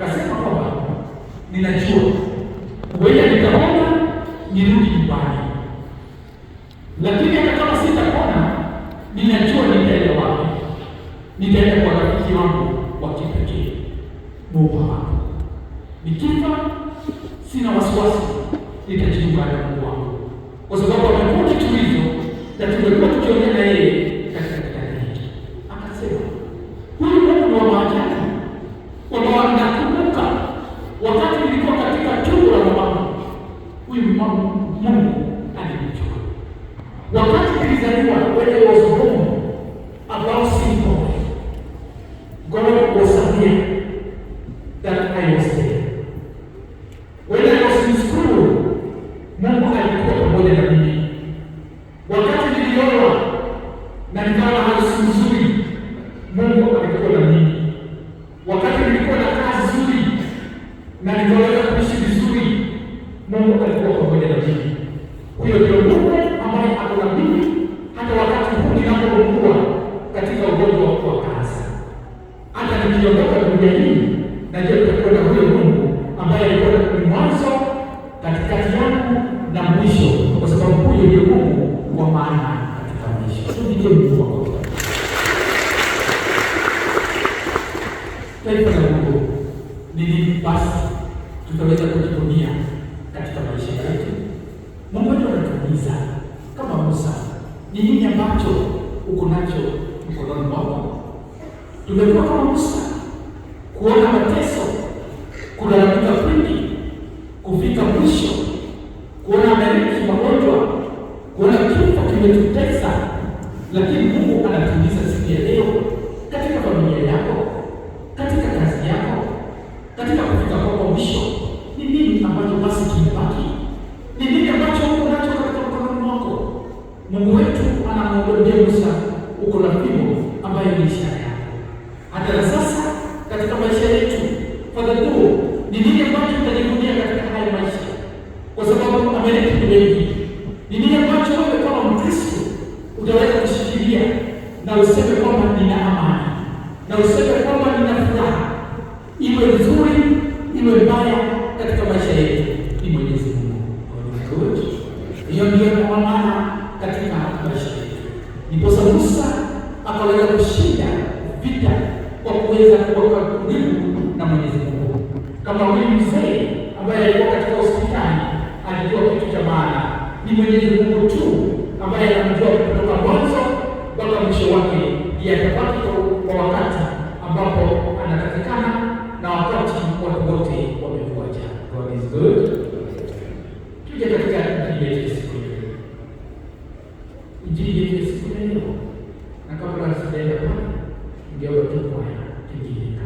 akasema kwamba ninajua wewe nitaona nirudi nyumbani, lakini hata kama sitakona, ninajua nitaenda wapi. Nitaenda kwa rafiki wangu wa kipekee Mungu wangu. Nikifa sina wasiwasi, nitajiunga na Mungu wangu, kwa sababu amekuwa kitu hivyo na tumekuwa tukiongea na yeye Mungu alimjua wakati kilizaliwa when it was born, about simple God was aware that I was there. When I was in school, Mungu alikuwa pamoja na mimi. Wakati nilioa na nikawa harusi nzuri, Mungu alikuwa na mimi. Wakati nilikuwa na kazi nzuri na nikaweza kuishi vizuri, Mungu alikuwa katika jiji. Huyo ndio mume ambaye akunabii hata wakati huu ninapokuwa katika ugonjwa wa kansa, hata nikiondoka dunia hii, najua nitakwenda huyo Mungu ambaye alikuwa ni mwanzo, katikati yangu na mwisho, kwa sababu huyo ndio Mungu wa maana katika maisha. Ndiye Mungu wako taifa la Mungu nini basi tutaweza kujivunia kanisa kama Musa. Ni nini ambacho uko nacho mkononi mwako? Tumekuwa kama Musa, kuona mateso, kulalamika kwingi, kufika mwisho, kuona mariki, magonjwa, kuona kifo kimetutesa, lakini Mungu anatimiza siku ya leo katika familia yako Mungu wetu anamwondolia Musa huko Lapimo, ambayo ni ishara yako. Hata na sasa katika maisha yetu fadhatuo ni nini ambacho tutajivunia katika haya maisha, kwa sababu ameleta wengi. Ni nini ambacho wewe kama Mkristo utaweza kushikilia na useme kwamba nina amani na useme kwamba nina furaha, iwe nzuri iwe mbaya, katika maisha yetu ni Mwenyezi Mungu. Hiyo ndiyo kwa maana katika maisha yetu. Ndiposa Musa akaweza kushinda vita kwa kuweza kuwa karibu na Mwenyezi Mungu. Kama huyu mzee ambaye alikuwa katika hospitali, alijua kitu cha maana ni Mwenyezi Mungu tu ambaye anamjua kutoka mwanzo mpaka mwisho wake, ndiye kwa wakati ambapo anatakikana na wakati wake wote. Injili yetu ya siku ya leo, na kabla sijaenda pale, ngewa tu kwaya kingine